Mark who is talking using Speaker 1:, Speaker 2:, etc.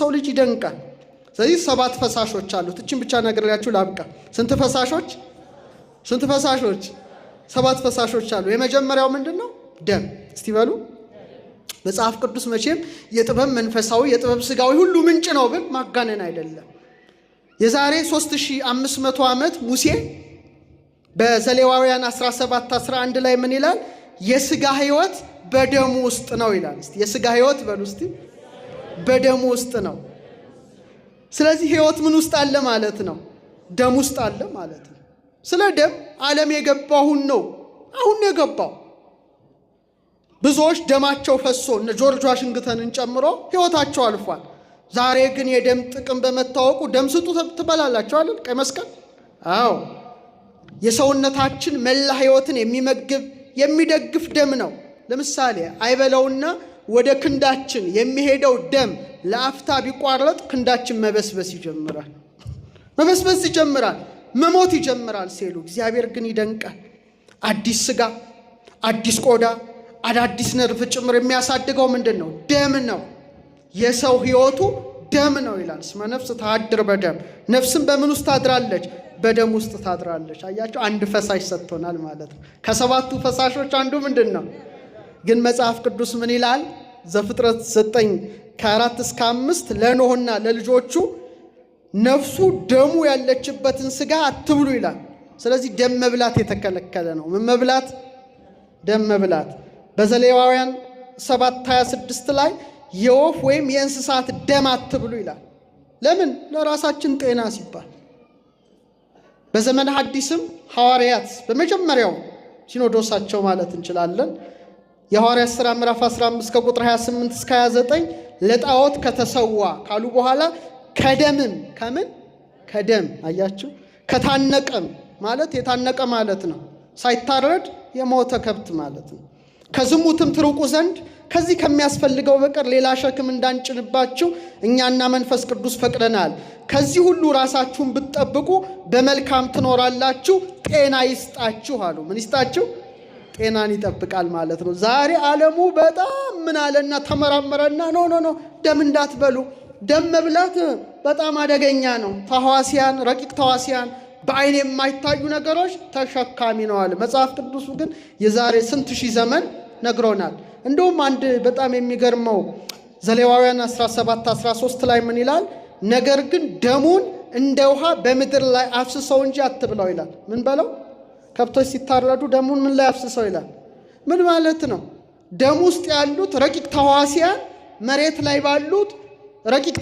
Speaker 1: ሰው ልጅ ይደንቃል። ስለዚህ ሰባት ፈሳሾች አሉት። እችን ብቻ ነግሬያችሁ ላብቃ። ስንት ፈሳሾች? ስንት ፈሳሾች? ሰባት ፈሳሾች አሉ። የመጀመሪያው ምንድን ነው? ደም። እስቲ በሉ መጽሐፍ ቅዱስ መቼም የጥበብ መንፈሳዊ የጥበብ ስጋዊ ሁሉ ምንጭ ነው ብል ማጋነን አይደለም። የዛሬ 3500 ዓመት ሙሴ በዘሌዋውያን 17 11 ላይ ምን ይላል? የስጋ ህይወት በደሙ ውስጥ ነው ይላል። የስጋ ህይወት በሉ እስቲ በደም ውስጥ ነው። ስለዚህ ህይወት ምን ውስጥ አለ ማለት ነው? ደም ውስጥ አለ ማለት ነው። ስለ ደም ዓለም የገባሁን ነው። አሁን የገባው ብዙዎች ደማቸው ፈሶ እነ ጆርጅ ዋሽንግተንን ጨምሮ ህይወታቸው አልፏል። ዛሬ ግን የደም ጥቅም በመታወቁ ደም ስጡ ትበላላቸው አለን ቀይ መስቀል። አዎ የሰውነታችን መላ ህይወትን የሚመግብ የሚደግፍ ደም ነው። ለምሳሌ አይበለውና ወደ ክንዳችን የሚሄደው ደም ለአፍታ ቢቋረጥ ክንዳችን መበስበስ ይጀምራል። መበስበስ ይጀምራል፣ መሞት ይጀምራል ሴሉ። እግዚአብሔር ግን ይደንቃል። አዲስ ስጋ፣ አዲስ ቆዳ፣ አዳዲስ ነርፍ ጭምር የሚያሳድገው ምንድን ነው? ደም ነው። የሰው ህይወቱ ደም ነው ይላል። ስመ ነፍስ ታድር በደም ነፍስም በምን ውስጥ ታድራለች? በደም ውስጥ ታድራለች። አያቸው፣ አንድ ፈሳሽ ሰጥቶናል ማለት ነው። ከሰባቱ ፈሳሾች አንዱ ምንድን ነው? ግን መጽሐፍ ቅዱስ ምን ይላል? ዘፍጥረት ዘጠኝ ከአራት እስከ አምስት ለኖህና ለልጆቹ ነፍሱ ደሙ ያለችበትን ስጋ አትብሉ ይላል። ስለዚህ ደም መብላት የተከለከለ ነው። ምን መብላት? ደም መብላት። በዘሌዋውያን 7፡26 ላይ የወፍ ወይም የእንስሳት ደም አትብሉ ይላል። ለምን? ለራሳችን ጤና ሲባል። በዘመነ ሐዲስም ሐዋርያት በመጀመሪያው ሲኖዶሳቸው ማለት እንችላለን የሐዋርያት ሥራ ምዕራፍ 15 ከቁጥር 28 እስከ 29 ለጣዖት ከተሰዋ ካሉ በኋላ ከደምም ከምን ከደም አያችሁ ከታነቀም ማለት የታነቀ ማለት ነው። ሳይታረድ የሞተ ከብት ማለት ነው። ከዝሙትም ትርቁ ዘንድ ከዚህ ከሚያስፈልገው በቀር ሌላ ሸክም እንዳንጭንባችሁ እኛና መንፈስ ቅዱስ ፈቅደናል። ከዚህ ሁሉ ራሳችሁን ብትጠብቁ በመልካም ትኖራላችሁ። ጤና ይስጣችሁ አሉ። ምን ይስጣችሁ? ጤናን ይጠብቃል ማለት ነው። ዛሬ ዓለሙ በጣም ምን አለና ተመራመረና፣ ኖ ኖ ኖ ደም እንዳትበሉ፣ ደም መብላት በጣም አደገኛ ነው። ተዋሲያን፣ ረቂቅ ተዋሲያን፣ በአይን የማይታዩ ነገሮች ተሸካሚ ነው አለ መጽሐፍ ቅዱሱ። ግን የዛሬ ስንት ሺህ ዘመን ነግሮናል። እንዲሁም አንድ በጣም የሚገርመው ዘሌዋውያን 17 13 ላይ ምን ይላል? ነገር ግን ደሙን እንደ ውሃ በምድር ላይ አፍስሰው እንጂ አትብለው ይላል። ምን በለው ከብቶች ሲታረዱ ደሙን ምን ላይ አፍስሰው ይላል። ምን ማለት ነው? ደም ውስጥ ያሉት ረቂቅ ተዋሲያን መሬት ላይ ባሉት ረቂቅ